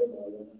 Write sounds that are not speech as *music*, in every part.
good morning.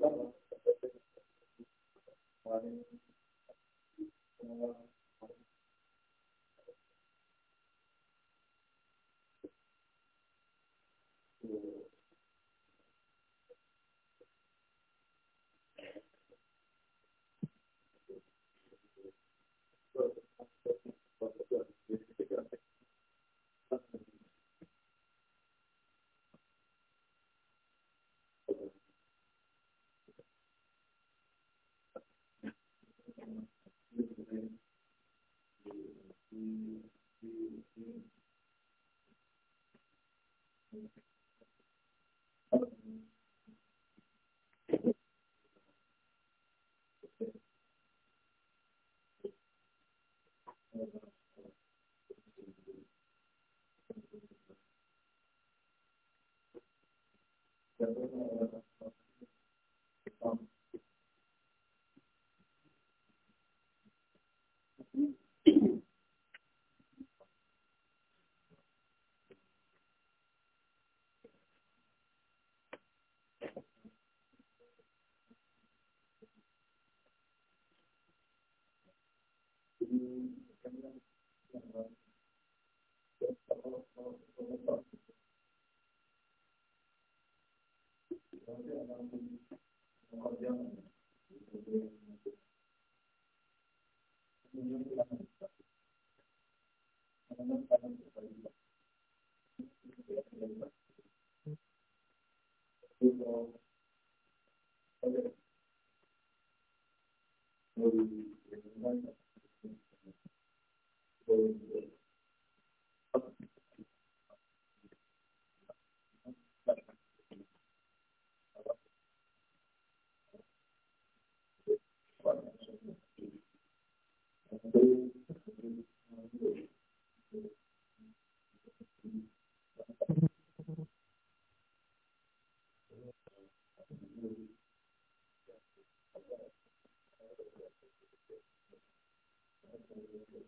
Thank you. Gracias. ni ẹgbẹ́ ìgbà tó ń bọ̀ lọ́wọ́.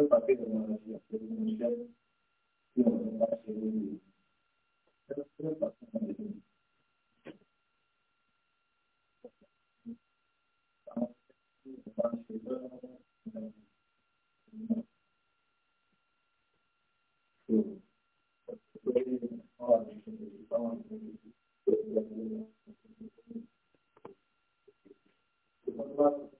Só para ver uma energia que ele não chega, uma Thank you.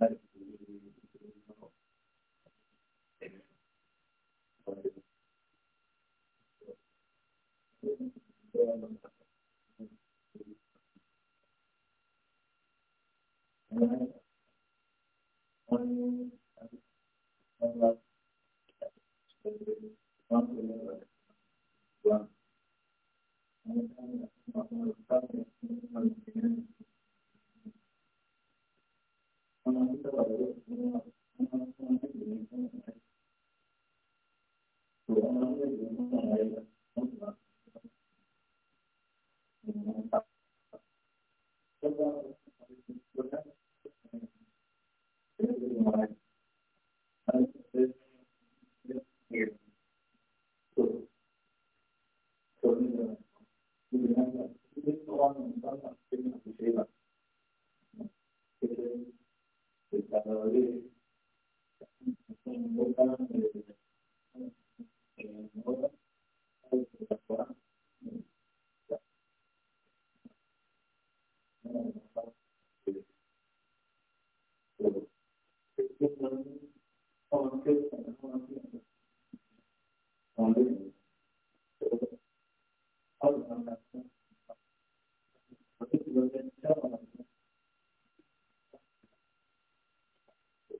Bye.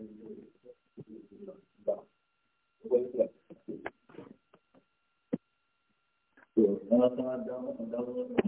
Thank you.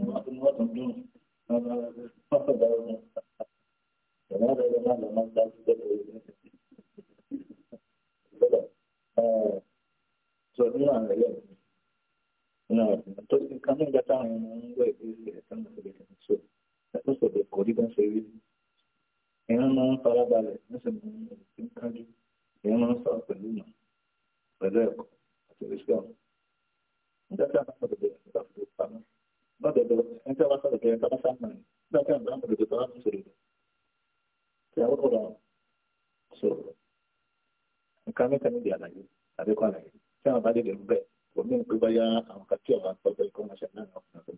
bóyá àwọn kàtí ọ̀gá tọ́jọ́ ikọ́ máa ṣẹlẹ̀ náà ọ̀gá kasi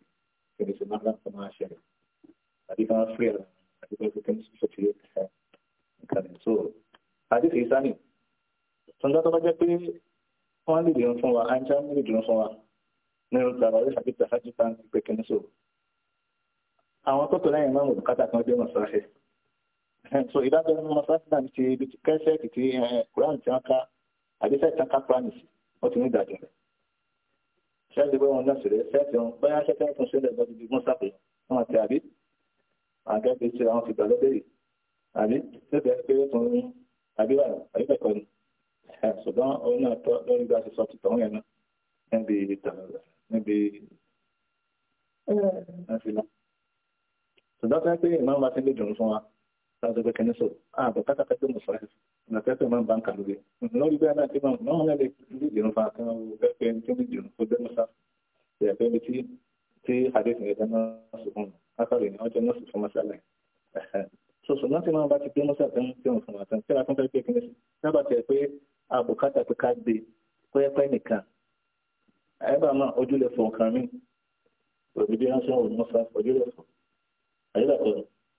kéde sí máa láǹkà máa ṣẹlẹ̀ àti ká fúri ẹ̀rọ àti pé kíkẹ́ ní sọ́ọ̀tì yóò ti sá nǹkan ẹ̀ tó àti kì í sá nì tọ́jà tó bá jẹ́ pé wọ́n lè dìrún fún wa àìsàn lè dìrún fún wa ní ọ̀rọ̀ tàbá yóò ṣàbí tàbá jù tán pé kí ní so ìdájọ́ mọ̀sáfẹ́ náà ti kẹ́sẹ̀kì tí kúránì tí wọ́n ká àdéṣẹ́ ìtàn ká kúránì sí wọ́n ṣẹ́ẹ̀tì bọ́ wọn náà ṣẹlẹ̀ ṣẹ́ẹ̀tì wọn bóyá ṣẹ́ẹ̀tì wọn ṣẹlẹ̀ lọ́dún bí wọ́n sápè wọn àti àbí àgẹ́gbẹ́ ṣe àwọn ti gbàlódé yìí àbí síbẹ̀ pé ó tún àbí wà àbí bẹ́ẹ̀ kọ́ ni ṣùgbọ́n òun náà tọ́ lórí bí a ṣe sọ ti tọ̀hún yẹn náà níbi níbi ṣùgbọ́n fẹ́ pé ìmọ̀ máa ti ń lè dùn fún wa láti gbé kẹ́ni sọ̀rọ̀ àbọ̀ kátàkà tó mọ̀ fàáyé nàkẹ́ tó máa ń bá ń kà lórí lórí bẹ́ẹ̀ náà tí máa ń náà lè ní ìdìrún fa kan pẹ́pẹ́ tó ní ìdìrún tó bẹ́ẹ̀ mọ́sá ìyàpẹ́ mi tí tí àdéhùn ẹ̀dá náà sùn látàrí ní ọjọ́ náà sì fún mọ́sá láì sọ̀sọ̀ náà tí máa bá ti gbé mọ́sá tó ń tẹ̀wọ̀n fún wa tán tí a tún fẹ́ pé kí ni sábà tẹ̀ pé àbọ̀ kátà pé ká gbé pẹ́pẹ́ nìkan àyẹ̀bá máa ojúlẹ̀ fọ̀ nǹkan mí òbí bí wọ́n ṣe ń wò mọ́sá ojúlẹ̀ fọ̀ àyẹ̀bá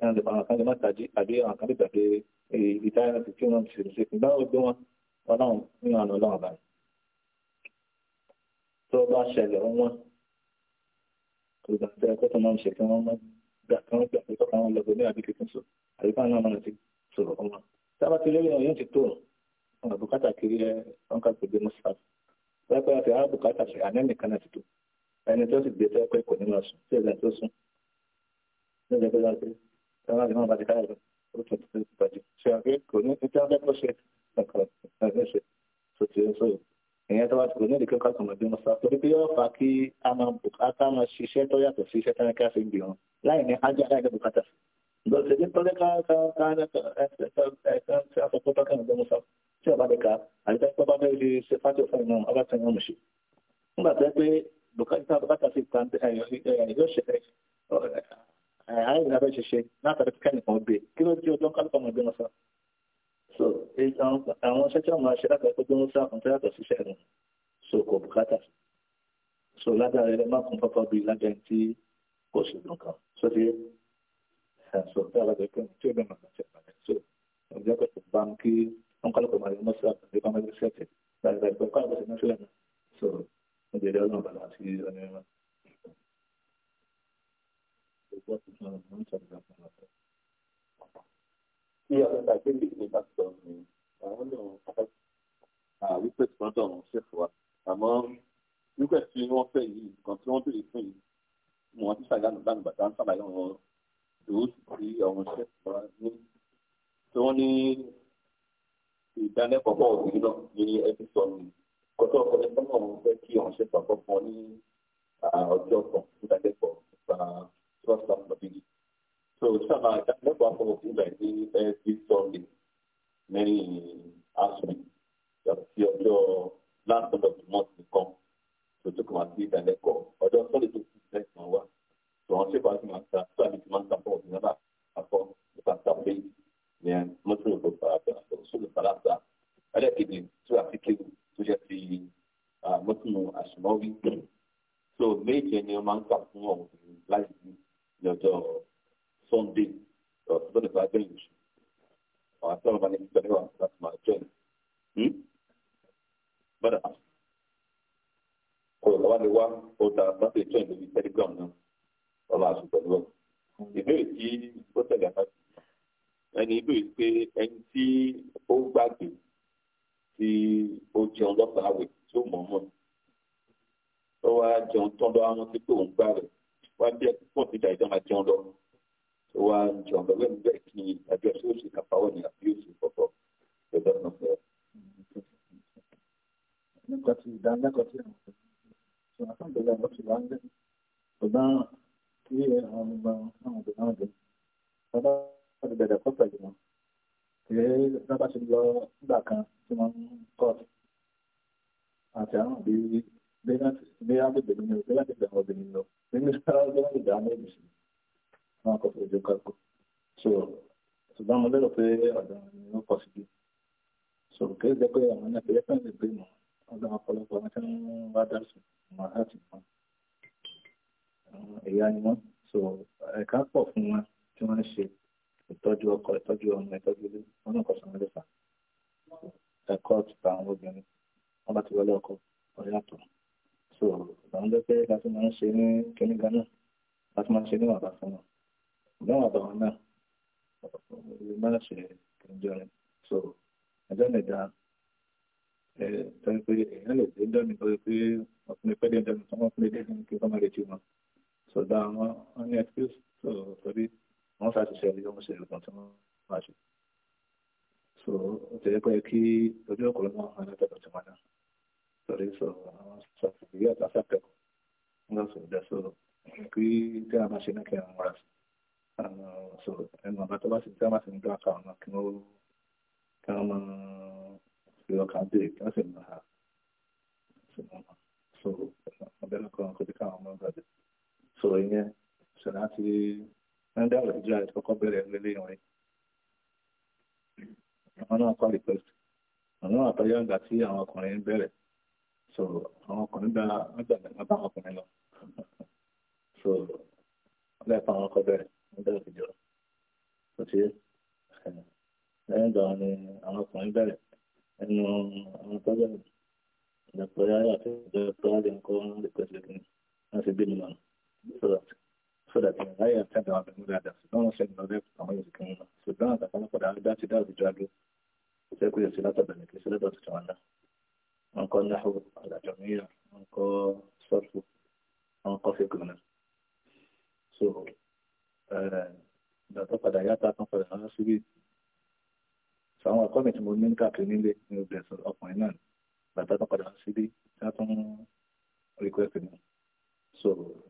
ẹran lè fara kan lè má tàjí àbí àwọn kan lè gbà pé ibi táyà ti tí wọn ti ṣèlú ṣe ìgbà wọn gbé wọn ọlọ́run ní ọ̀nà ọlọ́run báyìí tó bá ṣẹlẹ̀ wọn kò gbà pé ẹkọ́ tó máa ń ṣe kí wọ́n gbà kí wọ́n gbà pé tọ́ka wọn lọ́gbọ̀n ní àbí kékeré sọ àbí fáwọn náà máa ti sọ̀rọ̀ ọmọ tábà ti lórí wọn yóò ti tó wọn àbùkátà kiri ẹ wọn kà gbèdé mọ́sáàbù pẹ́pẹ́ àti àbùkátà ṣe ànẹ́nìkan náà ti tó ẹni tó sì gbé pẹ́pẹ́ kò ní máa sùn tí ẹ̀dá tó sùn ní ẹ̀dá tó sùn Então, ali não vai ficar outro tipo de Se alguém conhece, então é você. É você. Se você sou eu. Ìyẹn tó bá ti kò ní ìdíkẹ́ ká tòmọ̀ bí wọn sá torí pé yóò fà kí a máa bùkátà máa ṣiṣẹ́ tó yàtọ̀ sí iṣẹ́ tẹ́lẹ̀ ká fi ń bì wọn láì ní ájá láì ní bùkátà. Lọ́sẹ̀ ní tọ́lẹ̀ ká ká ká ẹ̀ka àfọ̀kọ́ tó kàn ń gbọ́n sá tí ọba lè ka àti tẹ́tọ́ bá bẹ́ẹ̀ lè ṣe fájọ́ fún ìmọ̀ ọba tẹ̀ wọ́n mọ̀ṣẹ́. Nígbà tó yẹ pé bùkátà bùkátà fi na àyè ìlànà bẹ́ẹ̀ ṣẹṣẹ látàrí kíkẹ́ nìkan gbé kí ló dé ọjọ́ kálukọ́ ọmọdé wọn sá. so àwọn iṣẹ́ tí wọ́n máa ṣe látàrí pé wọ́n sá àkùntà yàtọ̀ síṣẹ́ rẹ̀ so kò bùkátà so ládàá rẹ̀ má kún pápá bíi ládàá tí kò sí nǹkan so ti so tí a bá jẹ pé tí ó bẹ̀ máa ṣe pàdé so ọjọ́ pé kò bá ń kí wọ́n kálukọ́ ọmọdé wọn sá àkùntà yàtọ̀ síṣẹ́ rẹ̀ látàrí pé kọ́ what is not a bunch of them. Yeah, but I think it's back to me. I don't know. Ah, wípé tí wọ́n dọ̀rùn ṣẹ̀fù wa. Àmọ́ wípé tí wọ́n fẹ́ yìí, nǹkan tí wọ́n béèrè fún yìí, mo wọ́n ti ṣàyànnù lánàá bàtà ń sàlàyé wọn lòó sí ọ̀run ṣẹ̀fù wa ní. Tí wọ́n ní ìdánilẹ́kọ̀ọ́ pọ̀ sí náà ní ẹbí sọnù. Kọ́tọ́ ọkọ̀ nípa náà mo fẹ́ kí ọ̀run ṣẹ̀fù àkọ́kọ́ ní ọjọ́ kan ìdánilẹ́kọ̀ọ́ trust of believe. So inshallah, I can never come to like eh, many aspects that your, your last of the month will come to and let go. Or just only to next So on shape as master, so I need to master for the other, for the pastor play, then not to go for so the I like it to uh, articulate to get the as well. So major new man comes from life. lọ́jọ́ sunday lọ́jọ́ tó lè bá bẹ́ẹ̀ lù àwọn àtọ́rọ̀ bá ní kíkọ́ níwà láti máa jọ ẹ̀ hmm? bọ́dà kò lọ́wọ́ ni wá ó da sunday jọ ìlú bíi telegram náà ọlọ́ àṣù pẹ̀lú ọ̀ ìbéèrè tí ó tẹ̀lé àbájú ẹni ìbéèrè pé ẹni tí ó gbàgbé tí ó jẹun lọ́sàn-án àwẹ̀ tí ó mọ̀ ọ́n mọ̀ tó wá jẹun tán àwọn tí kejì wọn sọ̀dọ̀ àwọn wọn ní excuse sọ̀rọ̀ torí wọ́n ṣàṣìṣe ẹ̀yọ́ wọn ṣe ìrìnkan tí wọ́n máa ṣe so ó ti rẹ́ pé kí ojú ọ̀pọ̀lọpọ̀ wọn ní ọjọ́ tí wọ́n náà torí sọ̀rọ̀ àwọn ṣàṣìṣe àtàkẹ́kọ̀ọ́ ńlá sọ̀rọ̀ dá sọ̀rọ̀ kí tí a máa ṣe ní kí a múra sí so ẹnu àbá tó bá sì tí a máa sì ń dá àkàwọn náà kọ́kọ́ bẹ̀rẹ̀ lélẹ́ ìrìn àwọn náà kọ́ request àwọn àtọ́yọ̀ǹgà tí àwọn ọkùnrin bẹ̀rẹ̀ so àwọn ọkùnrin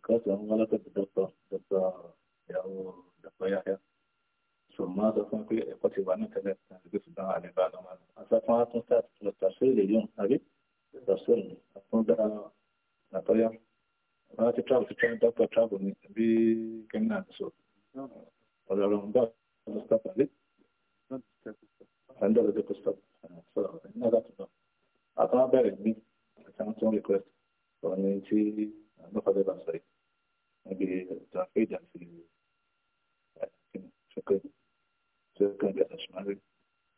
كاتب عمالة بالدكتور دكتور أو دكتور يحيى ثم دكتور كي كتب عنا كذا جزء ده على بعض ما أساس ما تنسى التفسير اليوم أبي التفسير أكون ده نطير ما تتعب تتعب دكتور تعب بكمنا نسوي ولا لهم ده مستقبل لي عندنا ده مستقبل صراحة إن ده أطلع بعد مين عشان تون ريكوست وأنا نسي نقد بصري بتعقيد في شكل شكل بأشمال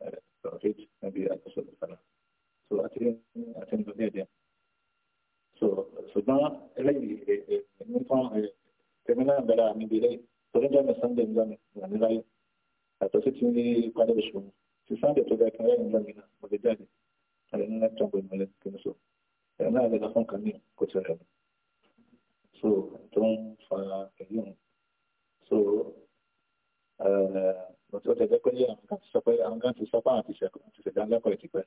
التوحيد بالأصل الثلاث سو أتين أتين بديدين سو سودان إلي نفهم تمنا بلا من بلي ترجع مسند من من راي أتوسطني قادر بشو تسند تبع كنا من زمنا مدجاني أنا نتكلم بالملك كنسو أنا هذا لفون كني كتير so tó ń so eh, ó tẹ̀lé pé àwọn kan ti sọ pé àwọn kan ti sọ pé àwọn ti ṣẹ̀dá lẹ́kọ̀ọ́ ìtìpẹ́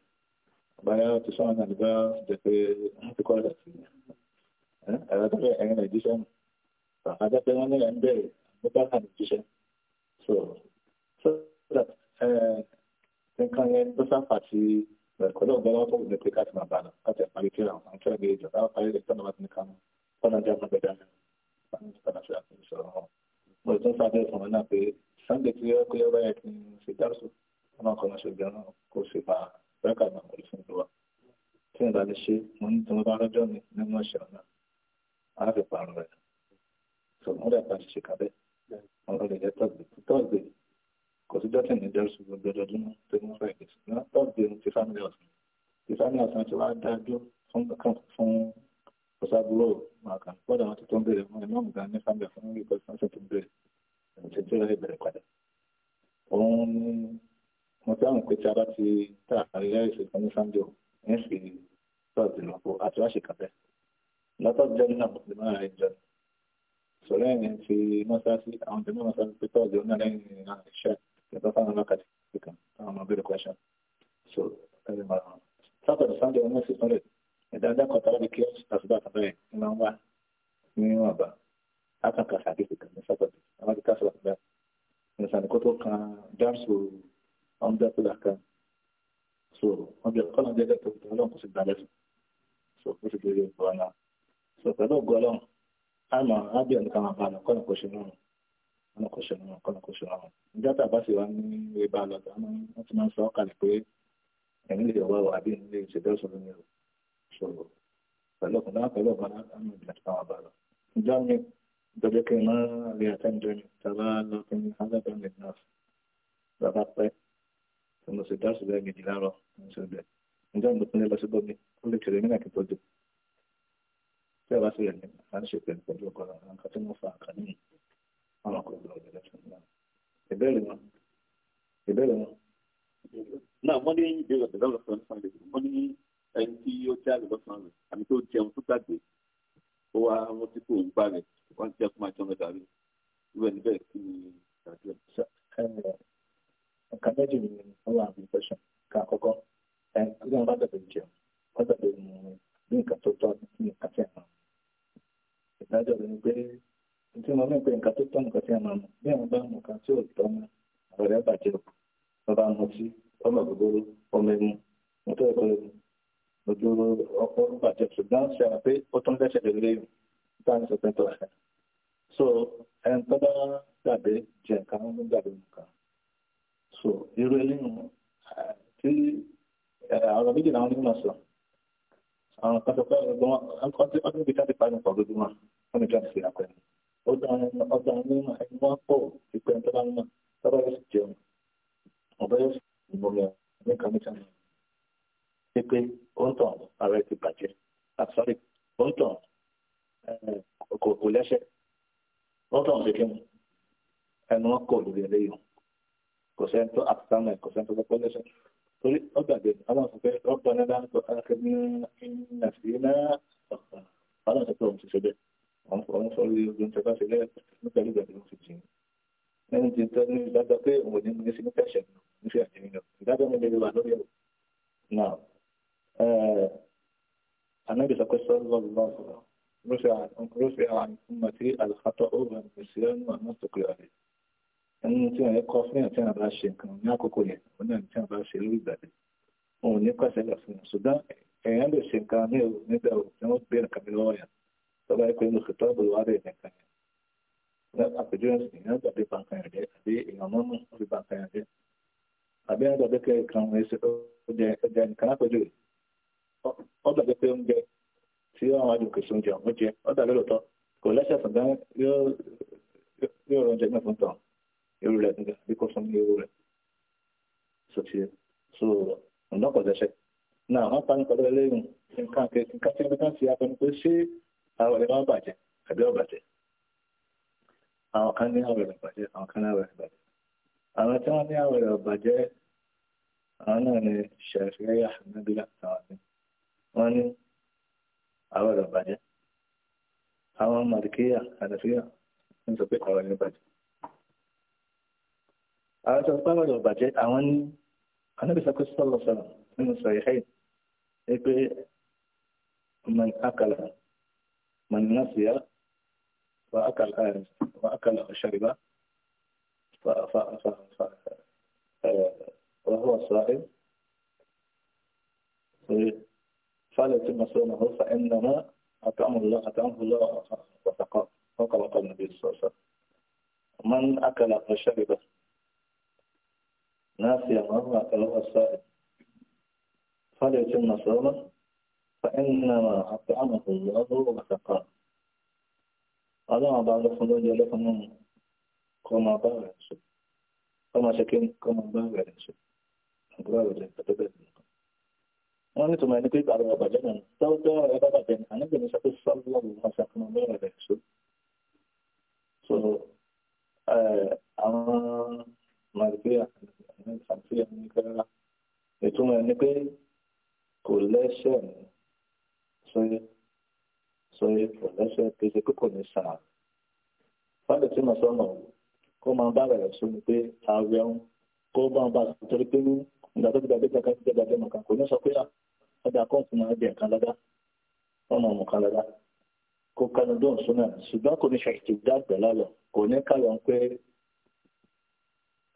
báyà tó sọ àwọn àdúgbò jẹ pé wọ́n ti kọ́ ọ̀dà sí eh, ẹ̀rọ so so that eh, nǹkan yẹn tó sáfà ti ẹ̀kọ́ lọ́gbọ́n wọn tó wù ní pé káàtì máa bá lọ káàtì ẹ̀ parí kíra àwọn akẹ́rẹ́ bíi ìjọba ọ̀nà jẹ́ ọmọ gbẹ̀dẹ̀ àná ọ̀nà ṣe àfihàn sọ̀rọ̀ wọn. mo tún sábẹ́ ìfọ̀nà náà pé sunday tí ó kọ́ ẹ̀rọ ẹ̀ kí n ṣe dárúsù ọmọ ọkùnrin ṣe gbẹ̀rún kó ṣe bá rẹ́kà náà kò fún wa. tí n bá lè ṣe mo ní tí mo bá rọ́jọ́ mi nínú ọ̀ṣẹ̀ ọ̀nà á fi pààrọ̀ rẹ̀. sọ mo rẹ̀ bá ṣe kàbẹ́ ọ̀rọ̀ rẹ̀ jẹ́ tọ́gbẹ̀ kò sí dọ́tí nítorí pé má lè àtẹ́jọ́ ni tàbá lọ sí ní alábẹ́ ní náà bàbá pẹ́ tí mo sì dáṣù bẹ́ẹ̀ gidi láàárọ̀ mo sì bẹ̀ ǹjẹ́ mo tún lè lọ sí bọ́mi ó lè tẹ̀lé nígbà kíkọ́ jù tí a bá sì rẹ̀ ní à ń ṣe pẹ̀lú pẹ̀lú ọkọ̀ náà nǹkan tí ó wá wọn tí kò ń gbà rẹ̀ wọ́n ti jẹ́ kó máa jẹun lọ́dà rẹ̀ irú ẹni bẹ́ẹ̀ kí ni ìdájọ́. nǹkan méjì ni ó wà ní ìfẹsẹ̀ ká àkọ́kọ́ ẹ kí wọ́n bá bẹ̀rẹ̀ jẹun wọ́n bẹ̀rẹ̀ mu ní nǹkan tó tọ́ ní nǹkan tí a máa mu ìdájọ́ rẹ̀ ni pé tí wọ́n mú pé nǹkan tó tọ́ nǹkan tí a máa mu bí àwọn bá mú nǹkan tí ò tọ́ mọ́ àwọn rẹ̀ bàjẹ́ bàbá mutí ọmọ gbogbo ọmọ ẹmu mo tó ẹ̀kọ́ ẹmu gbogbo ọkọ rúbà jẹ ṣùgbọ́n ṣe àpé ó tún lẹ́sẹ̀ lè lé ìtàn ìṣẹ̀fẹ́ tó ṣe. so ẹn tó bá gbàgbé jẹ nǹkan ló ń gbàgbé nǹkan. so irú eléyìí tí àwọn méjì làwọn onímọ̀ sọ àwọn kan tó kọ́ ẹ̀gbọ́n ọdún ibi táti parí nǹkan lójúmọ́ wọn ni jáde sí àpẹẹrẹ. ọdún àwọn onímọ̀ ẹni wọ́n pọ̀ ìpẹ́ntọ́ bá ń pé ó ń tàn ààrẹ ti bàjẹ́ àtúnṣe ó ń tàn kò kò lẹ́sẹ̀ ó ń tàn ṣe kí wọn ẹnu wọn kò lórí ẹlẹ́yìn kò sẹ́ni tó àtúnṣe kò sẹ́ni tó kọ́kọ́ lẹ́sẹ̀ torí ó gbàgbé àwọn sọ pé ọ̀pọ̀ ní bá ń sọ káàkiri ní ìnàṣí náà ọ̀pọ̀ àwọn sọ pé òun ti ṣe bẹ́ẹ̀ òun sọ orí ojú ẹni tí tó ní ìdájọ́ pé òun ò ní mú ní sí ní ní fi àjẹmí lọ ìdájọ́ mi lè wà lórí ẹ̀rọ náà. النبي صلى الله عليه وسلم رفع عن رفع عن أمتي الخطأ والنسيان وما استقر عليه ẹnu tí wọn yẹ kọ fún yàn tí wọn bá ṣe nǹkan ní àkókò yẹn wọn náà tí wọn bá ṣe lórí ìgbàdé òun ní pàṣẹ lọ fún yàn ṣùgbọ́n èèyàn lè ṣe nǹkan ní òun nígbà òun tí wọn gbé nǹkan lọ́wọ́ yàn tọba ẹgbẹ́ ní òkètọ ọbọ wà lè nǹkan yẹn àpèjúwe sì èèyàn ó dàbí pé oúnjẹ tí àwọn àjòkè sùn jẹun ó jẹ ó dàbí lóòótọ́ kò lẹ́sẹ̀ fún gan yóò yóò rọ oúnjẹ náà fún tàn irú rẹ̀ nígbà bí kò sún ní irú rẹ̀ sọtí so ọ̀nà kò lẹ́sẹ̀ náà wọ́n pa nípa lẹ́yìn nǹkan nǹkan tí wọ́n ti apẹnu pé ṣé àwọn ẹ̀ máa ń bàjẹ́ àbí ọ̀bàjẹ́ àwọn kan ní àwẹ̀ rẹ̀ bàjẹ́ àwọn kan ní àwẹ̀ rẹ̀ bàjẹ́ àwọn tí wọ́n ní àwẹ̀ rẹ̀ bàjẹ́ àwọn náà ni ṣẹ̀fẹ́ yà nábìlà àwọn àti wọ́n ní àwọn ọ̀rọ̀ bàjẹ́ àwọn màdìkíyà àdàfíà ń sọ pé ọ̀rọ̀ ní bàjẹ́ àwọn tó pẹ́ ọ̀rọ̀ bàjẹ́ àwọn ní anábìsàkó sọ̀rọ̀ sọ̀rọ̀ nínú sọ̀rọ̀ ìhẹ́ ẹ pé man akala man nasiya wa akala wa akala shariba fa fa fa fa وهو صائم فلا يتم صومه فإنما أطعم الله أطعمه الله وسقاه وكما قال النبي صلى الله عليه وسلم من أكل وشرب ناسيا ما أكله السائل فليتم صومه فإنما أطعمه الله وسقاه ألا بعد خروج لكم كما بعد كما شكين كما بعد كما بارع تتبدل wọ́n ní tòmọ̀ ẹni pé àwọn ọba jẹ́ náà tọ́jọ́ ẹ bá bàjẹ́ ní àná gbèmí sọ́kè sọ́lọ́ wọn ṣàkóso lọ́rọ̀ rẹ̀ so so àwọn màlìkíyà àtìyà ní ká ìtumọ̀ ẹni pé kò lẹ́sẹ̀ sọ́yẹ́ sọ́yẹ́ kò lẹ́sẹ̀ kéṣe pé kò ní sàn fáìlì tí mo sọ̀nà kó máa bá rẹ̀ sọ ni pé ààrẹ ń kó bá ń bá a sọ torí pé nígbà tó ti gbàgbé kankan ti kò ní sọ pé à. Ah, ọdà kóòtù máa bẹ̀ kan lọ́dá ọmọ ọmọ kan lọ́dá kó kanu dóhùn súnà ṣùgbọ́n kò ní ṣàkìtì dàgbẹ̀ lálọ́ kò ní kálọ̀ ń pé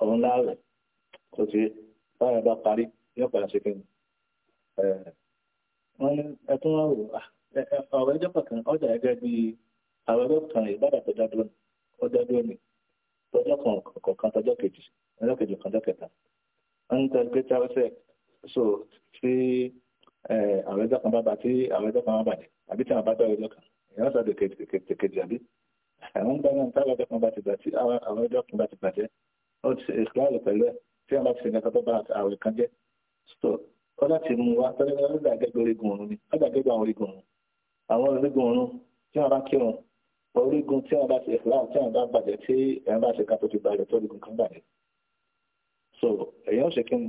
ọ̀run láàrẹ̀ tó ti báyọ̀ bá parí yóò padà ṣe kéwìn wọ́n ní ẹtún wá wò ah, ọ̀rọ̀ ẹjọ́ kọ̀ọ̀kan ọjà gẹ́gẹ́ bí àwọn ẹgbẹ́ kan ìbádà tó dádúró ni ó dádúró ni tọjọ́ kan kọ̀ọ̀kan tọjọ́ kejì tọjọ́ kejì kan tọ́ kẹta wọ́n ń tẹ́ gbé tí a fẹ́ so tí. Eh, àwọn ẹjọ́ kan bá bá tí àwọn ẹjọ́ kan bá bàjẹ́ àbí tí àwọn bá bẹ̀rẹ̀ ẹjọ́ kan èèyàn sọ de kejì àbí àwọn ń gbàgbọ́n táwọn ẹjọ́ kan bá ti bàjẹ́ àwọn ẹjọ́ kan bá ti bàjẹ́ ó ti ìkúláàlù pẹ̀lú ẹ̀ tí wọ́n bá ti ṣèǹkà tó bá àwẹ̀ kan jẹ́ so ó láti mú wa tọ́lẹ́ ní ọdún àgẹ́gbẹ́ orígun ọ̀run ni ọdún àgẹ́gbẹ́ àwọn orígun ọ̀run àwọn orígun ọ̀run tí wọ́n bá kírun orígun tí wọ́n bá ti ìkúláàlù tí wọ́n bá bàjẹ́ tí èèyàn bá ṣèǹkà tó ti bàjẹ́ tó orígun kan bàjẹ́ so èèyàn ṣe kí ni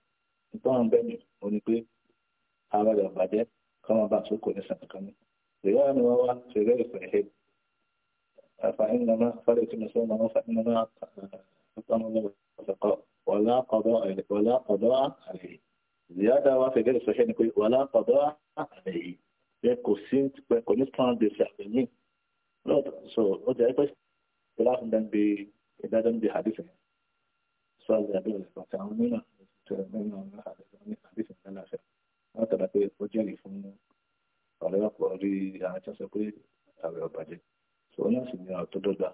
nítorí bẹ́ẹ̀ ni ó ní pé ara rẹ̀ bàjẹ́ kọ́mọ bá tó kò ní sàn kankan Ìyá ni wọ́n wá ṣeré ìfẹ́ ṣe. Àfààní nàmá fọ́lẹ̀ tí mo sọ máa ń fa nàmá àtọ́nà lọ́wọ́ ọ̀sọ̀kọ́. Wàlá ọ̀dọ́ àlè. Ìyá dá wá ṣeré ìfẹ́ ni pé wàlá ọ̀dọ́ àlè yìí. Bẹ́ẹ̀ kò sí pẹ́ kò ní sàn gbèsè àgbẹ̀ mí. Lọ́dọ̀ sọ ó jẹ́ pé ìlà fún dẹ́n bí ìdájọ́ ń bí àdìsẹ̀. Sọ́ọ̀lì àdúrà tó nínú ní àdéhùn náà láṣẹ wọn tàbí pé ó jẹ́rìí fún ọ̀rẹ́ ọ̀pọ̀ rí àwọn tí wọ́n sọ pé àwẹ̀ ọ̀bàjẹ́ tó ní àṣì ní ọ̀tọ́ dọ́gba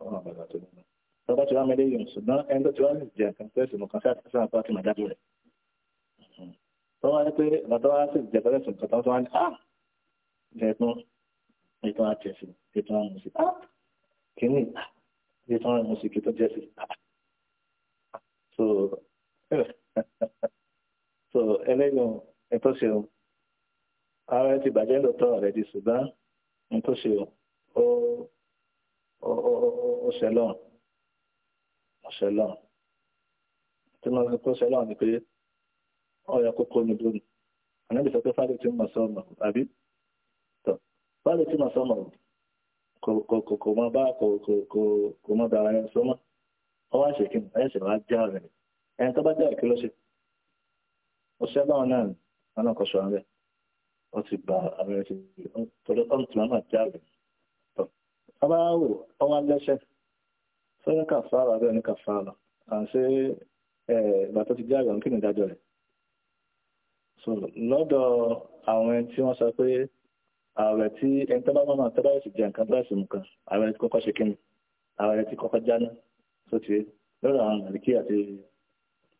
àwọn àgbàgbà tó nínú. tọ́ba tí wọ́n mẹ́lẹ́ yìí ṣùgbọ́n ẹni tó ti wá jẹ́ nǹkan fẹ́ sùn kan sáà sáà pàtì màdá rẹ̀. tọ́ba ní pé ah ẹ̀gbọ́n ètò àjẹsì ètò àmùsí ah so *laughs* so ẹlẹ́yìn ẹ̀tọ́ ṣe o ara ti bàjẹ́ lọ́tọ́ rẹ̀ di ṣùgbọ́n ẹ̀tọ́ ṣe o ó ṣẹlọ́n ó ṣẹlọ́n tí wọ́n kó ṣẹlọ́n ni pé ọ̀yà kókó ni lónìí ànábì sọ pé fáde tí mo sọ ọmọ àbí tọ fáde tí mo sọ ọmọ kò kò kò kò mọ bá kò kò kò kò mọ dára yẹn sọmọ ọwọ́ àṣekí ẹ̀ ṣe wá já rẹ̀ ni ẹni tó bá jẹ́ àìkú lọ́sẹ̀ ọ̀sẹ̀ báwọn náà ni wọn náà kọ sọ àwọn bẹ́ẹ̀ wọ́n ti gba abẹ́rẹ́ ti di tọ́lọ́ ọ̀n tí wọ́n máa jẹ́ àgbẹ̀ tọ́ abáwò ọwọ́ alẹ́sẹ̀ sọ́yìn kàfàrà abẹ́rẹ́ ní kàfàrà à ń ṣe bàtọ́ ti jẹ́ àgbẹ̀ ń kí ni ìdájọ́ rẹ̀ so lọ́dọ̀ àwọn ẹni tí wọ́n sọ pé ààrẹ tí ẹni tó bá máa máa tọ́lá ìsìn jẹ nǹkan tó ìsìn nǹkan ààrẹ ti kọ́kọ́ ṣe kíni ààrẹ ti kọ́kọ́ jáná sóti lọ́dọ̀ àwọn àlìkí àti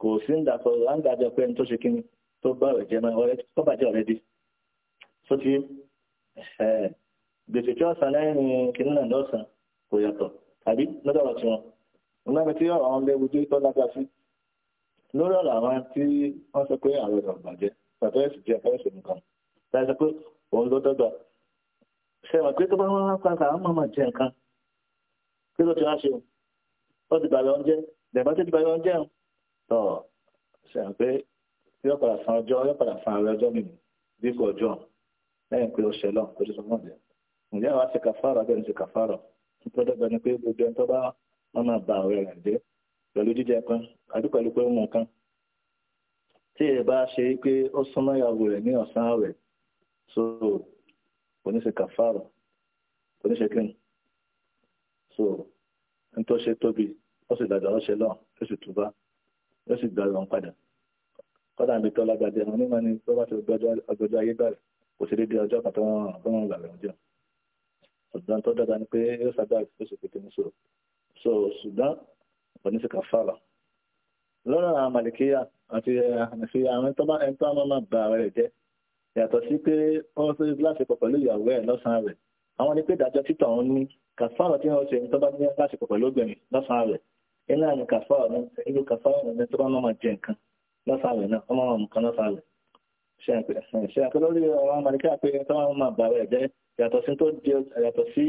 kò sí ń dàtọ̀ láǹgàjọ pé ẹni tó ṣe kíni tó bá ọ̀rẹ́ jẹ́ náà tó bàjẹ́ ọ̀rẹ́ tó ti gbèsè tí ọ̀sán lẹ́yìn kìnìún náà lọ́sàn kò yàtọ̀ tàbí lọ́dọ̀ ọ̀rọ̀ tiwọn tí ọ̀rọ̀ àwọn léwu tó tọ́ n'ụlọ sí lórí ọ̀rọ̀ àwọn tí wọ́n sọ pé àwọn ọ̀rọ̀ bàjẹ́ jẹ́ nìkan sọ pé òun ló dọ́gba ṣe wà pé tó bá tọ́ ṣàǹ pé yóò padà san ọjọ́ yóò padà san ààrẹ ọjọ́ mìíràn dípò ọjọ́ lẹ́yìn pé ó ṣe lọ́n tó ti sọ mọ́ọ̀dẹ́ ǹjẹ́ àwọn ti kàfàrọ̀ bẹ́ẹ̀ ni ti kàfàrọ̀ tó dọ́gba ni pé gbogbo ẹni tó bá wọn máa ba àwẹ̀ rẹ̀ dé pẹ̀lú jíjẹ kan àti pẹ̀lú pé ó mú kan tí ẹ bá ṣe pé ó súnmọ́ ìyàwó rẹ̀ ní ọ̀sán àwẹ̀ so kò ní ṣe kàfàrọ̀ kò ní ṣe kí ni so n tó ṣe tóbi ó sì dàgbà ó ṣe lọ́n ó sì túbá. ó sì gba lọ́n padà kọ́dà níbi tó lágbàdé àwọn onímọ̀ ni tó bá ti gbọ́jọ́ ayé gbàrẹ̀ kò sí dédé ọjọ́ kan tó wọ́n rán tó wọ́n gbà ṣùgbọ́n tó dáadáa ni pé yóò pété ní so ṣùgbọ́n kò ní sí ká fàlọ́ lọ́nà àwọn màlìkíyà àti àfihàn eh, àwọn tó bá ẹni tó máa rẹ̀ jẹ́ yàtọ̀ sí pé ó ń fi láṣepọ̀ pẹ̀lú ìyàwó ẹ̀ lọ́sàn iná ni kàfá ọ̀nà ìlú kàfá ọ̀nà tó bá máa ma jẹ nǹkan lọ́sàwẹ̀ náà wọ́n máa mú kan lọ́sàwẹ̀ ṣe àpẹ lórí ọ̀rọ̀ amàríkà pé tó máa ma bà rẹ̀ jẹ́ yàtọ̀ sí tó di yàtọ̀ sí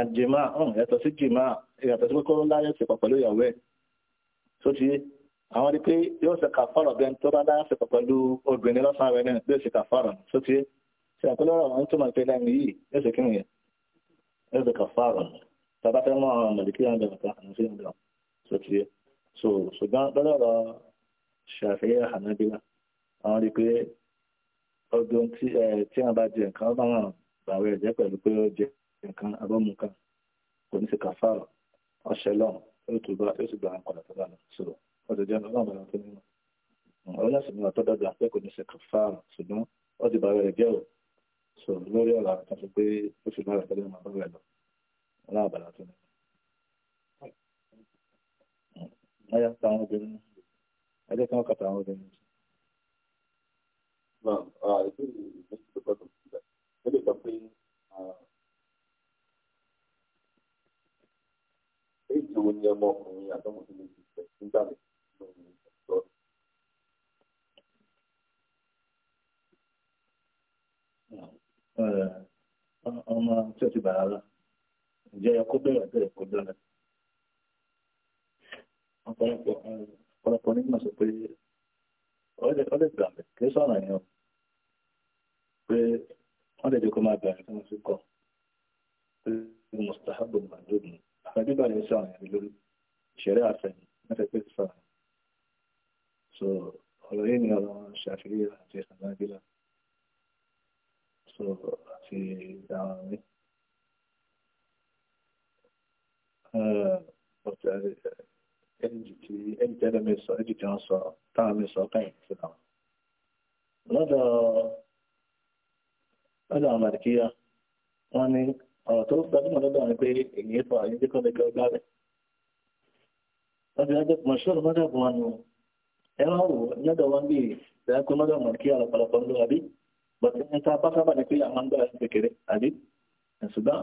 àjèmá yàtọ̀ sí jìmá yàtọ̀ sí kókó láyé ti pọ̀ pẹ̀lú ìyàwó ẹ̀ tó ti àwọn di pé yóò ṣe kàfàrọ̀ bẹ́ẹ̀ tó bá dáhà sí pẹ̀lú obìnrin lọ́sàwẹ̀ náà yóò ṣe kàfàrọ̀ tó ti ṣe àpẹ lọ́rọ̀ àwọn tàbá fẹ́ mọ́ àwọn mọ̀lẹ́kí àwọn ìbẹ̀rẹ̀ kan àwọn ìbẹ̀rẹ̀ kan so ti yẹ so ṣùgbọ́n lọ́lọ́rọ̀ ṣàfihàn hànábílà àwọn rí pé ọdún tí wọ́n bá jẹ nǹkan ọba wọn bàwẹ̀ ẹ̀jẹ̀ pẹ̀lú pé ó jẹ nǹkan abọ́mu kan kò ní sí kàfàrọ̀ ọṣẹ lọ́n yóò tún bá yóò sì gba àwọn padà tó bá lọ so wọ́n ti jẹ́ ọlọ́run bàbá tó nínú ọlọ́run sì ní ọ̀tọ́ dọ́gba pé kò ní sí kàfàrọ̀ ṣùgbọ́n wọ́n ti bàwẹ̀ ẹ̀jẹ̀ o so lórí ọ̀la àti pé ó sì bá tẹ́lẹ̀ máa bá lọ aláàbàlà tó ní. Ayá ta àwọn obìnrin náà. Ẹ jẹ́ kí wọ́n kàtà àwọn obìnrin náà. Náà, àìsí ìgbésí tó gbọ́dọ̀ sílẹ̀. Ó lè sọ pé èyí wo ni ọmọ ọkùnrin àtọ́mọ̀ tó lè fi fẹ́ nígbà mi Ọmọ tí ó ti bàrà lọ ǹjẹ́ ẹ̀kọ́ bẹ̀rẹ̀ bẹ̀rẹ̀ kó dára ọ̀pọ̀lọpọ̀ ọ̀pọ̀lọpọ̀ nígbà sọ pé ọ̀lẹ́ ọ̀lẹ́ gbà mí kì í sọ̀rọ̀ yẹn o pé wọ́n lè jẹ́ kó máa bẹ̀rẹ̀ fún oṣù kan pé mustahabu mandub ni àfẹ́bí bá lè sọ̀rọ̀ yẹn lórí ìṣẹ̀rẹ́ àfẹ́yìn mẹ́fẹ́ pé sọ̀rọ̀ yẹn so ọ̀rọ̀ yìí ni ọ̀rọ̀ ṣàfihàn àti ìsàmágbélà so àti àwọn mìíràn. 或者 entity entity 没说，entity 上说，当然没说，但也知道。那个那个马来西亚，我们哦，都咱们那边可以营业吧，营业可能更高的。那边的马术那个不玩，哎呀，我那个玩的，咱可能那个马来西亚了，巴拉邦多阿比，but yang sahabat-sahabat itu yang mandor yang abi, adik. Sudah,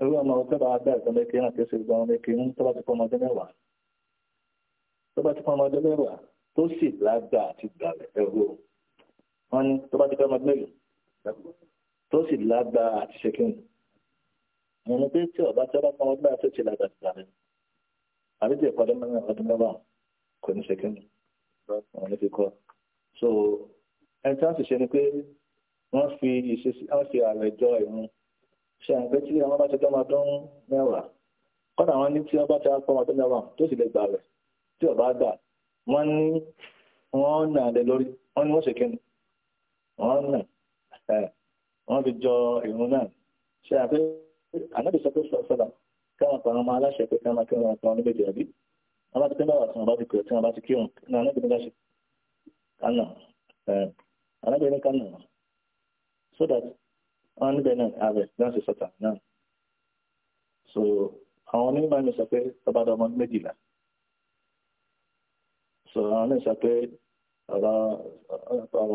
irú ọmọ ọ̀hún tẹ́lá adá ìtàn lẹ́kẹ́ náà kẹsì ìgbà wọn lẹ́kẹ́ ń tọ́ba ti pọ́n ọmọdé mẹ́wàá tọ́ba ti pọ́n ọmọdé mẹ́wàá tó sì lágbà àti gbàlẹ̀ ẹ̀rọ wọn ni tọ́ba ti pọ́n ọmọdé mẹ́rin tó sì lágbà àti ṣẹkẹ́ni wọn ni pé tí ọba tí ọba pọ́n ọmọdé mẹ́rin tó ti so ẹni tí wọ́n sì ṣe ni pé wọ́n fi ìṣesí wọ́n fi ààrẹ ṣe àgbẹ̀ tí àwọn bá ti dán ọdún mẹ́wàá kọ́nà àwọn ní tí wọ́n bá ti apọ̀ ọdún mẹ́wàá tó sì lè gbà rẹ̀ tí ọba gbà wọ́n ní wọ́n nà lẹ lórí wọ́n ní wọ́n ṣe kẹ́nu wọ́n nà wọ́n fi jọ ìrún náà ṣe àgbẹ̀ ànábì sọ pé sọ̀sọ̀là káwọn pa àwọn ọmọ aláṣẹ pé káwọn kí wọn pa wọn níbi ìdìyàbí wọn bá ti pé mẹ́wàá tí bá ti kúrò tí wọn bá ti kírun náà níbi nígbàṣe kánà ànábì ní kánà so that wọn níbẹ̀ náà ààrẹ ah, náà sì sọ̀tà so àwọn onímọ̀ mi sọ pé ọba ọmọ méjìlá so àwọn onímọ̀ sọ pé ọ̀rọ̀ ọ̀rọ̀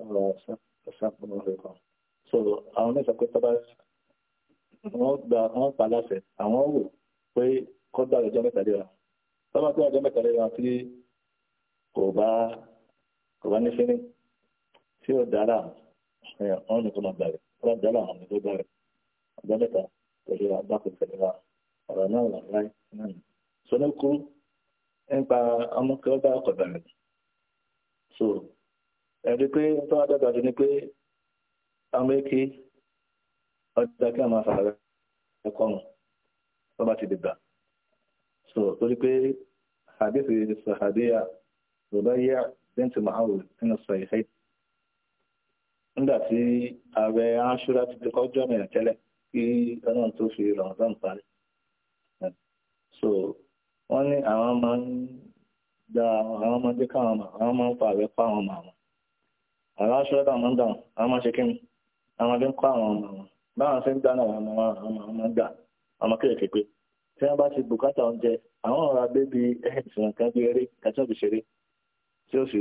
ọ̀rọ̀ ṣàkóso so àwọn onímọ̀ sọ pé tọ́ba wọn gba wọn pa láṣẹ àwọn wò pé kọ́ dá ọjọ́ mẹ́ta léra tọ́ba tó ọjọ́ mẹ́ta léra tí kò bá ní fínní tí ò dára àwọn ènìyàn tó máa bẹ̀rẹ̀ ọlọ́run jẹ́ àwọn ènìyàn tó bẹ̀rẹ̀ ọjọ́ mẹ́ta pẹ̀lú agbáko ìfẹ̀lẹ́ra ọ̀rọ̀ náà là láì náà sọ́nẹ́kú nípa ọmọkẹ́ bá ọkọ̀ bẹ̀rẹ̀ so ẹ̀rí pé tó wá dọ́gba jù ni pé amẹ́kí ọjọ́ kí a máa fara ẹ̀kọ́ mu tó bá ti dìgbà so torí pé hadith sahabiya rubaiya bint ma'awul nínú sahihai nígbà tí ààrẹ aṣọra ti ti kọjọ mẹ́rin tẹ́lẹ̀ kí Ọlọ́run tó fi rọrùn parí so wọ́n ní àwọn máa ń da àwọn ọmọdé káwọn mà àwọn máa ń fa ààrẹ pa àwọn mà wọn àwọn aṣọra táwọn máa ń dà wọn àwọn máa ṣe kí ni àwọn ọdún kọ àwọn ọmọ wọn báwọn ṣe ń dáná àwọn ọmọ wọn àwọn máa ń dà tí wọ́n bá ti bùkátà oúnjẹ àwọn ọ̀rọ̀ abẹ́ bíi ẹ̀ẹ́dì tí ó sì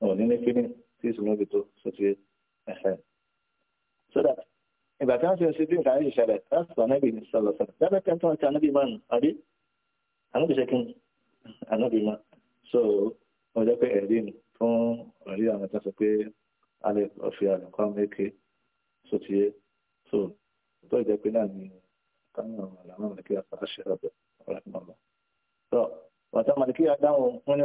wọn ò ní ní fílíǹ tí ìṣúná fi tó sọtí ẹ̀fẹ́. so that ìgbà tí wọ́n ti ṣe bí nǹkan ayé ìṣẹ̀lẹ̀ láti sọ anábì ní sọlọ sọlọ lábẹ́ tẹ́ tí wọ́n ti anábì máa nù àbí anábì ṣe kí ni anábì so wọ́n jẹ́ pé ẹ̀rí ni fún ẹ̀rí àwọn tó sọ pé alẹ́ ọ̀fi so tó ìjẹ́ pé náà ni káwọn àlàmọ́ màlìkíyà fà á ṣe ọ̀bẹ ọ̀rẹ́ so wọ́n tá ada dáhùn wọn ní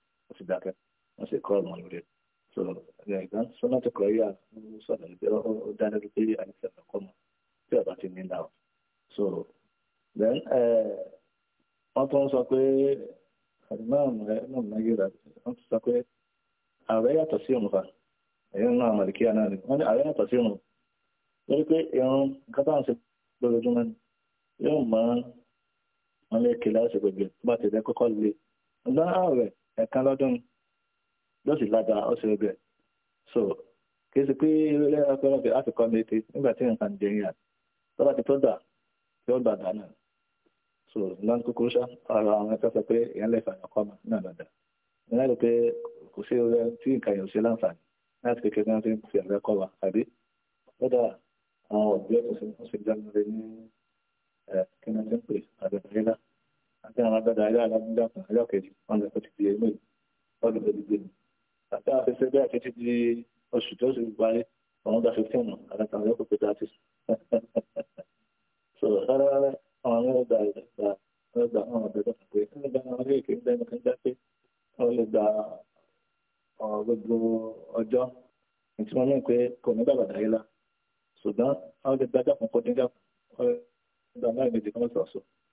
ó sì dákẹ́ wọ́n sì kọ́ ọ̀rọ̀ lórí so ẹ̀gbọ́n sọ́nà tó kọ̀ yíyá ń sọ̀rọ̀ pé ó dáná ló pé àyẹ̀sẹ̀ ọ̀kọ́ mọ̀ tí ọ̀bá ti ní náà so then wọ́n tún sọ pé àdìmọ́ràn rẹ̀ náà máa yíra wọ́n tún sọ pé ààrẹ yàtọ̀ sí òun fa ẹ̀yìn náà màlìkíyà náà ni wọ́n ní ààrẹ yàtọ̀ sí òun lórí pé irun gátà ni yóò mọ wọn lé ẹ̀ẹ̀kan lọ́dún yóò sì lágbára so kì ṣe pé ilé ọpẹ́lọpẹ́ láti kọ́ mi nígbà tí nǹkan so lọ́n kúkúrú ṣá ọ̀rọ̀ àwọn ẹ̀fẹ́ sọ pé ìyẹn lè fàyàn kọ́ mà náà dáadáa ìyẹn lè pé kò sí ọ̀rẹ́ tí nǹkan yẹn ò ṣe láǹfààní láti kékeré náà ti ń fi ọ̀rẹ́ wa àbí àwọn àti àwọn agbada ilé alágbèdá kan alákejì wọn lè fẹ́ ti di ẹgbẹ́ lọ́dún tó ti gbé mi àti àwọn afẹ́fẹ́ bẹ́ẹ̀ títí di oṣù tó ti parí àwọn gba fifteen nù àti àwọn yòókù pé thirty so rárá àwọn yóò gba ìgbà wọn gba àwọn àbẹ̀dọ̀ kan pé kí ni gba àwọn ilé ìkéwì bẹ́ẹ̀ kan já pé wọn lè gba gbogbo ọjọ́ tí wọ́n mú pé kò ní gbàgbàdà yìí la ṣùgbọ́n àwọn lè gba dákun kó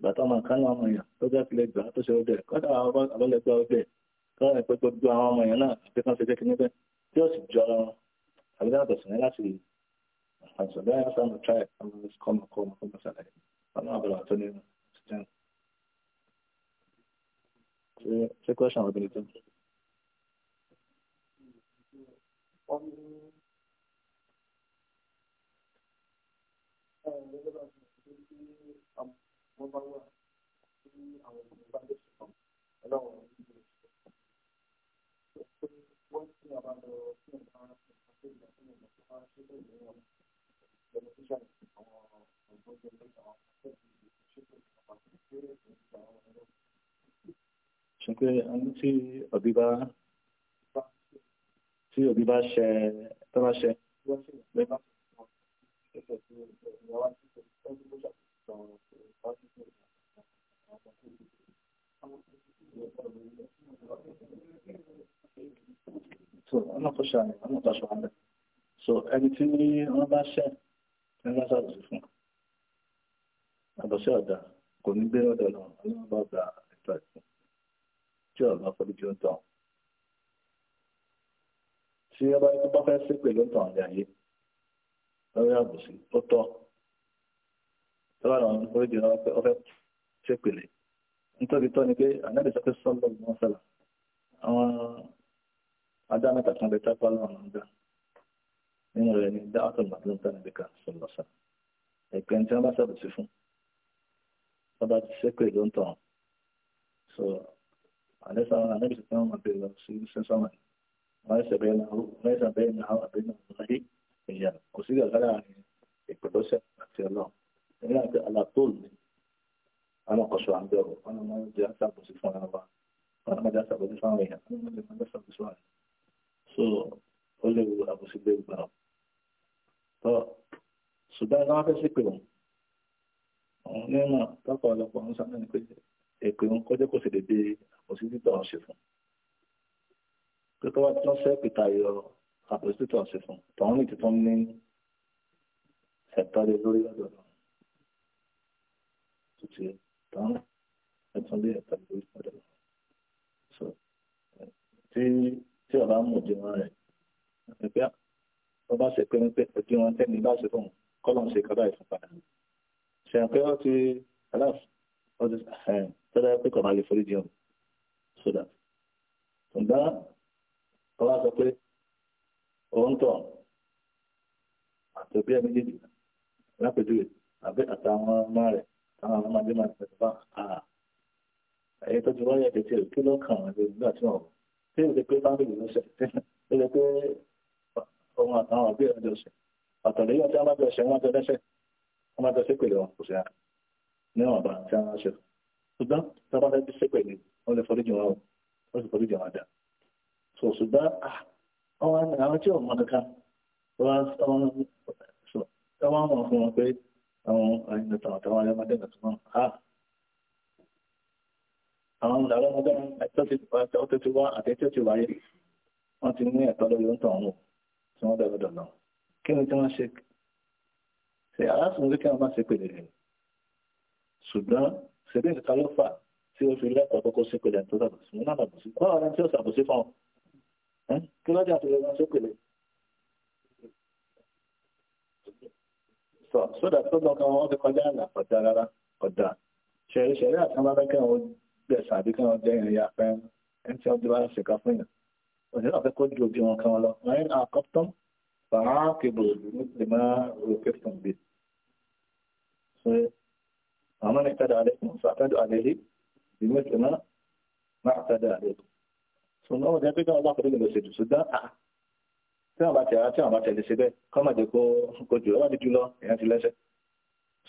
gbàtọ́ ọmọ nǹkan náà ọmọ èèyàn tó jẹ́ ìpìlẹ̀ gbà tó ṣe ọdẹ kọ́dà àwọn àbọ̀lẹ̀gbà ọdẹ kọ́ ẹ̀pẹ́ gbogbo àwọn ọmọ èèyàn náà àti kan ṣe jẹ́ kíní bẹ́ẹ̀ tí ó sì jọ ara wọn àbí dáhùn tẹ̀sán ní láti àṣọ bẹ́ẹ̀ yá sáà try àwọn ọmọ ọkọ ọmọ ọmọ ṣàlàyé ọmọ àbọ̀lẹ̀ àtọ́ nínú ṣiṣẹ́ ṣe question ọ̀gbìn wọ́n bá wà ní àwọn ìlú bá lè sọ̀rọ̀ ọlọ́run ní ìlú ìṣòro. wọ́n ti àbá lọ sí ìgbà àti ìgbà tí wọ́n ti máa ṣe lóyún wọn beneficial àwọn ọ̀gbọ́njẹ lẹ́yìn àwọn akẹ́kọ̀ọ́ ìlú ṣètò ìjọba tí ó ń gba àwọn ọmọ ṣe pé àwọn tí òbí bá tí òbí bá ṣe tó bá ṣe. wọ́n ṣe ìgbẹ́ bá ṣe ìwọ́n ṣe ìwọ́n ṣe so ọlọ́kọ̀ṣà ọlọ́kọ̀ṣà ọ̀hún so ẹni tí wọ́n bá ṣẹ́ ní wọ́n sábà sí fún àbọ̀ṣẹ́ ọ̀dà kò ní gbé ọ̀dọ̀ lọ ọlọ́run bá gba ẹ̀tọ́ ẹ̀sìn tí ọ̀gá pẹ̀lú tí ó ń tàn tí ọba ẹni tó bá fẹ́ sí pẹ̀lú ń tàn ní ayé àbòsí ó tọ́lá lọ́wọ́ tó forí jìnnà pé ọfẹ́ ṣe pèlè nítorí tọ́ ni pé ànábì sọ pé sọ́lọ́ ló ń sọ̀lá àwọn adá mẹ́ta kan lè tápá lọ́wọ́ àwọn ọ̀gá nínú rẹ̀ ní dáhùn màdún tán níbi kan sọ̀lọ́ sọ ẹ̀pẹ́ tí wọ́n bá ṣàbùsí fún ọba ti ṣe pèlè ló ń tọ̀ so àlẹ́ sáwọn ànábì sọ pé wọ́n máa bèèrè lọ sí sẹ́sọ́mọ̀ mẹ́sàn bẹ́ẹ̀ náà àbẹ́nà ọ̀rẹ́ ìyá kò sí ẹ̀yìn àti alatol ni àwọn ọkọ̀ṣọ́ à ń bẹ̀rù wọn máa ń jẹ́ àṣàbòsí fún ara wa wọn máa jẹ́ àṣàbòsí fún àwọn èèyàn wọn máa jẹ́ àṣàbòsí fún àwọn so ó léwu àbòsí léwu gbà ọ́ tọ́ ṣùgbọ́n ẹ̀ka wọn fẹ́ sí pé wọn àwọn onímọ̀ tọ́pọ̀ ọlọ́pọ̀ ń sáná ni pé èpè wọn kọjá kò sì lè dé àbòsí títọ̀ ọ̀ ṣe fún pé tó wá tí wọ́n sẹ́ẹ̀pì tayọ àbòsí títọ̀ ọ̀ ṣe fún tọ́hún ní títún ní ẹ̀tọ́ lé lórí to down and only at the good for them. So tí tí ọba mọ̀ di wọn rẹ̀ ẹgbẹ́ ọba ṣe pé pé ọdí wọn tẹ́ni bá ṣe fún kọ́lọ̀n ṣe kábàáyé fún padà. ṣe pé wọ́n ti aláf ọdún tẹ́lẹ̀ pé kọ̀ọ̀mà lè forí jẹun so that. ṣùgbọ́n ọba sọ pé òun tọ̀ àtòbí ẹ̀ méjèèjì lápẹ̀jùwe àbí àtàwọn ọmọ rẹ̀ àwọn ọmọdé máa tẹ̀sí bá ẹ̀yẹ tó ti wọ́n yẹ kẹ̀kẹ́ kí ló kàn án nígbà tí wọ́n tí ó ti pé bá bèèrè lọ́sẹ̀ ó yẹ pé ohun àtàwọn àbí ẹ̀rọ jọ̀ṣẹ̀ ọ̀tọ̀lẹ́ yóò tí wọ́n bá jọ̀ṣẹ̀ wọ́n jọ lẹ́sẹ̀ wọ́n bá jọ sépèlè wọn kò sí níwọ̀n bá tí wọ́n ṣe ṣùgbọ́n tí wọ́n bá fẹ́ sépèlè wọ́n lè forí jìn wọ́n sì forí jìn dà so ṣùgbọ́n àwọn tí wọ́n wọ́n àwọn àìyàn tàwọn ọlọ́mọdé àtúmọ̀ ha àwọn ọlọ́mọdé ẹ̀tọ́ ti wá àtẹ́tẹ́ ti wáyé wọ́n ti ní ẹ̀tọ́ lórí oúnjẹ ọ̀hún tí wọ́n bẹ̀rẹ̀ dọ̀nà kí ni tí wọ́n ṣe ṣe aláṣùn kí wọ́n má ṣe pèlè rẹ̀ ṣùgbọ́n ṣèbí nǹkan ló fà tí ó fi lẹ́kọ̀ọ́ kókó sí pèlè tó dàbọ̀ sí wọn náà bàbọ̀ sí kọ́ ọ̀rẹ́ tí ó ṣàbòsí fún ọ sọ sódà tó lọ kan wọn ti kọjá àlà kọjá rárá kọjá ṣẹ̀rí ṣẹ̀rí àti wọn bá fẹ́ kí wọn gbẹ̀sán àbí kí wọn jẹ́ ìrìn àpẹ́ ẹni tí wọ́n ti bá ṣe ká fún yàn òní náà fẹ́ kó ju òbí wọn kan lọ láyé àkọ́tán bàá kébù lè máa ròkè fún bí. àwọn ní tẹ́lẹ̀ àlékún sàtẹ́lẹ̀ àléhí bí mẹ́sìlẹ̀ máa máa tẹ́lẹ̀ àlékún. sọ náà wọ́n jẹ́ pé káwọn bá fẹ́ tí wọn bá tẹ ara tí wọn bá tẹ lè ṣe bẹ́ẹ̀ kọ́ máa jẹ kó kó jù lọ́wọ́ dídú èèyàn ti lẹ́sẹ̀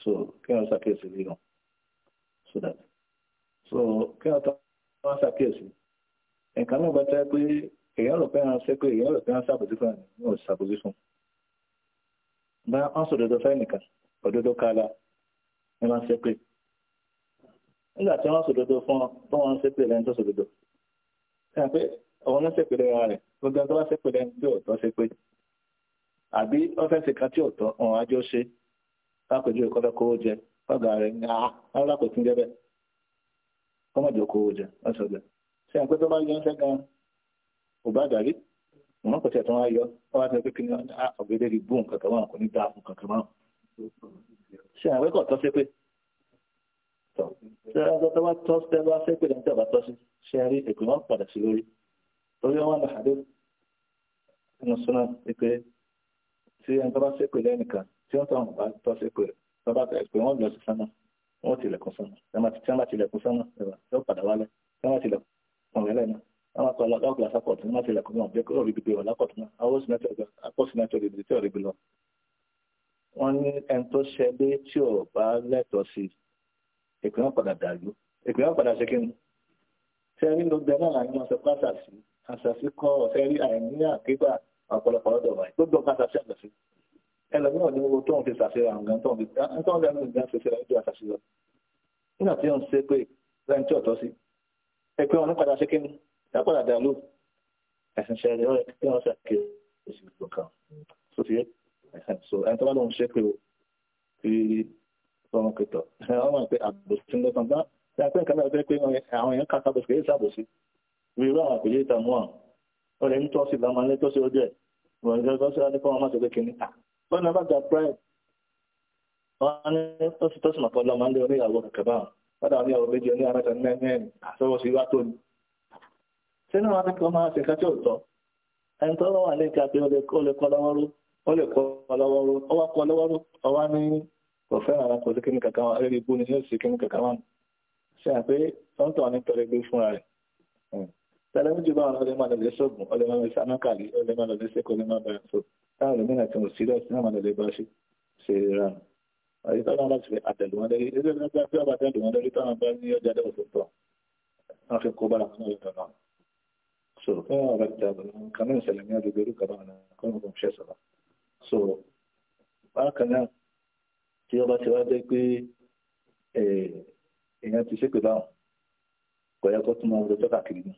so kí wọn ṣàkíyèsí rí wọn so that so kí wọn tó wọn ṣàkíyèsí nǹkan náà bá tẹ pé èèyàn rò pé wọn ṣe pé èèyàn rò pé wọn ṣàbòsí fún ẹni wọn ò ṣàbòsí fún bá wọn sọ òdodo fẹ́ nìkan òdodo kala ni wọn ṣe pé nígbà tí wọn sọ òdodo fún ọ tó wọn ṣe pé lẹ́yìn tó sọ òdodo ẹ pé ọ̀hún ló gbogbo ẹni tó bá ṣe pé lẹ́nu tí ọ̀tọ́ ṣe pé àbí ọ́fẹ́sì kan tí ọ̀tọ́ ọ̀hún ajọ́ ṣe lápèjú ẹ̀kọ́ fẹ́ kówó jẹ ọ̀gá rẹ̀ ní ara kò tún jẹ́ bẹ́ẹ̀ kọ́mọ̀jọ kówó jẹ ọ̀sọ̀ bẹ́ẹ̀ ṣé àpé tó bá yọ ọ́nṣẹ́ gan kò bá dàrí ìmọ̀ kò tẹ̀ tó wáá yọ ọ́ wá sọ pé kí ni ah, ọ̀gẹ́dẹ́ rí bùn kankan wọn kò ní dáa fún kankan wọn ṣé àpé kò tọ́ ṣe pé tọ́ ṣé àpé tó bá tọ́ ṣe torí wọn lọ àdé nínú súná wípé tí ẹni tó bá ṣépè lẹ́nìkan tí wọ́n tàn bá tọ́ ṣépè tó bá tẹ̀ pé wọ́n lọ sí sánà wọ́n tilẹ̀kùn sánà tí wọ́n bá tilẹ̀kùn sánà yóò padà wálẹ̀ tí wọ́n bá tilẹ̀kùn rẹ̀ lẹ́nu wọ́n bá kọ́ lọ́kùn lásàkọ̀ tí wọ́n bá tilẹ̀kùn náà bí kúrò ríbi wọ̀ lákọ̀ tún náà wọ́n ní ẹni tó ṣẹ́ dé tí ò bá lẹ́tọ̀ọ́ sí ìpínlẹ̀ padà dàlú ìpínlẹ̀ padà ṣe kí ni tí ẹni ló gbẹ náà láyé wọn sọ pátá sí i àṣàfikọ́ ọ̀fẹ́ rí àìní àkígbà ọ̀pọ̀lọpọ̀ ọ̀dọ̀ wáyé gbogbo nǹkan àṣàṣe àṣàṣe ẹlòmíràn ní owó tóun ti ṣàṣeyàn gan tóun ti tóun lẹ́nu ìgbà ṣẹṣẹ rẹ̀ ju àṣàṣe lọ nígbà tí òun ṣe pé lẹ́yìn tí ọ̀tọ́ sí ẹ pé wọn nípadà ṣe kí ni lápàdà dàlú ẹ̀sìn ṣe ẹ̀rọ kí wọ́n ṣàkíyèsí ìṣèlú kan tó ti yẹ ẹ̀sìn so ẹni tó bá lóun ṣe pé o ti ọmọ kẹtọ ọmọ pé àbòsí ń lọ́tàn bá ẹ pé nǹkan náà fẹ́ irú àwọn àpèjì ìta mú àwọn ọ̀rẹ́ ní tọ́sí lámà ní tọ́sí ọjọ́ ẹ̀ wọ́n ní tọ́sí láti fọ́n máa tẹ̀lé kìíní ta wọ́n náà bá gba pride wọ́n ní tọ́sí tọ́sí màkọ́ lọ́mọ ní oníyàwó kẹ̀kẹ́ bá wọn padà oníyàwó méjì oní amẹ́ta ní mẹ́rin àtọwọ́ sí wá tó ni. ṣé náà wọn ti kọ́ máa ṣe ká tí ò tọ́ ẹni tó wà ní ìka pé ó lè kọ́ lọ́wọ́rú ó lè kọ́ lọ́wọ́rú ó wá kọ́ lọ́wọ́rú ó wá ní kò fẹ́ràn ara kò sí kíní kankan wọn eré ibú ni yóò sí kíní kankan wọn ṣe àpé tọ́ntàn Sẹ́lẹ̀ méjì bá wọn ọlẹ́mọ̀ lọ́lẹ́ ṣọ́ọ̀bù ọlẹ́mọ̀ lọ́lẹ́ sanákàlì ọlẹ́mọ̀ lọ́lẹ́ sẹ́kọ̀ ọlẹ́mọ̀ bẹ̀rẹ̀ tó táwọn ọlẹ́mọ̀ àti wọn sílẹ̀ sí náà lọ́lẹ́ bá ṣe ṣe ra. Àyè táwọn bá ti fi àtẹ̀lù wọn lórí ẹgbẹ́ náà bá bí ọba àtẹ̀lù wọn lórí táwọn bá ní ọjà dẹ́wọ̀ tó tọ̀. Wọ́n fi kó bára wọn lórí tọ̀ náà. So fún bá wọn kọ́ ọ̀rọ̀ náà.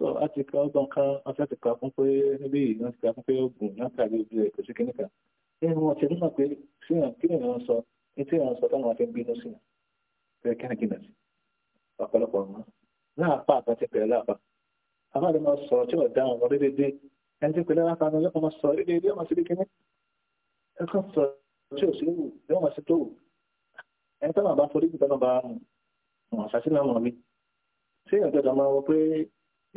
so a ti ka ọgbọ́n kan ọ̀sẹ̀ ti ka fún pé níbí yìí wọ́n ti ka fún pé oògùn náà ojú ẹ̀ kò sí kíní kan nínú wọn ti nímọ̀ pé síyàn kí nìyẹn sọ ní tí ìyẹn sọ táwọn afi ń bínú sí yàn pé kíni kíni sí ọ̀pọ̀lọpọ̀ ọ̀mọ́ láàpá àbá ti pẹ̀lú àbá àbá lè máa sọ tí ọ̀dà ọ̀rọ̀ dédédé ẹni tí pẹ̀lú àbá náà lọ́kàn máa sọ dédédé ọmọ sí kíní ẹ̀kọ́ sọ tí ò sí wù ní ọmọ sí tó wù ẹni táwọn àbá forí gbìtàn náà bá wọn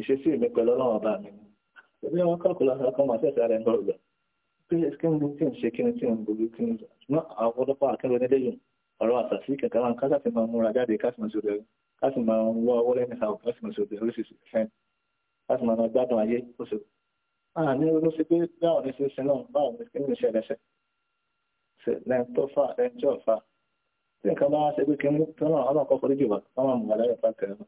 ìṣesí mi pẹ̀lú ọlọ́run ọba mi ẹbí wọn kọ́kọ́ lọ́sọ̀ kan máa tẹ̀sí ara ẹ̀ lọ́rùn lọ pé kí n tí ń ṣe kí n tí ń gbogbo kí n ṣùgbọ́n àwọn ọ̀pọ̀lọpọ̀ akẹ́rọ nílé yìí ọ̀rọ̀ àṣàṣì kẹ̀kẹ́ wọn ká sáfì máa múra jáde ká sì máa ṣòdẹ̀ ká sì máa wọ ọwọ́ lẹ́nu ìhàwọ̀ ká sì máa ṣòdẹ̀ oríṣiríṣi fẹ́ẹ̀ ká sì máa gbádùn ayé oṣù. àní ló ṣe pé báwọn ní ṣe ṣe náà báwọn ní kí n ṣe ẹlẹ́ṣẹ̀ lẹ́yìn tó fà lẹ́yìn tí ò fà tí nǹkan bá ṣe pé kí n tán náà ọlọ́kọ́ forí jù wá káwọn mú wa lẹ́yìn pàtẹ́ náà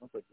Não foi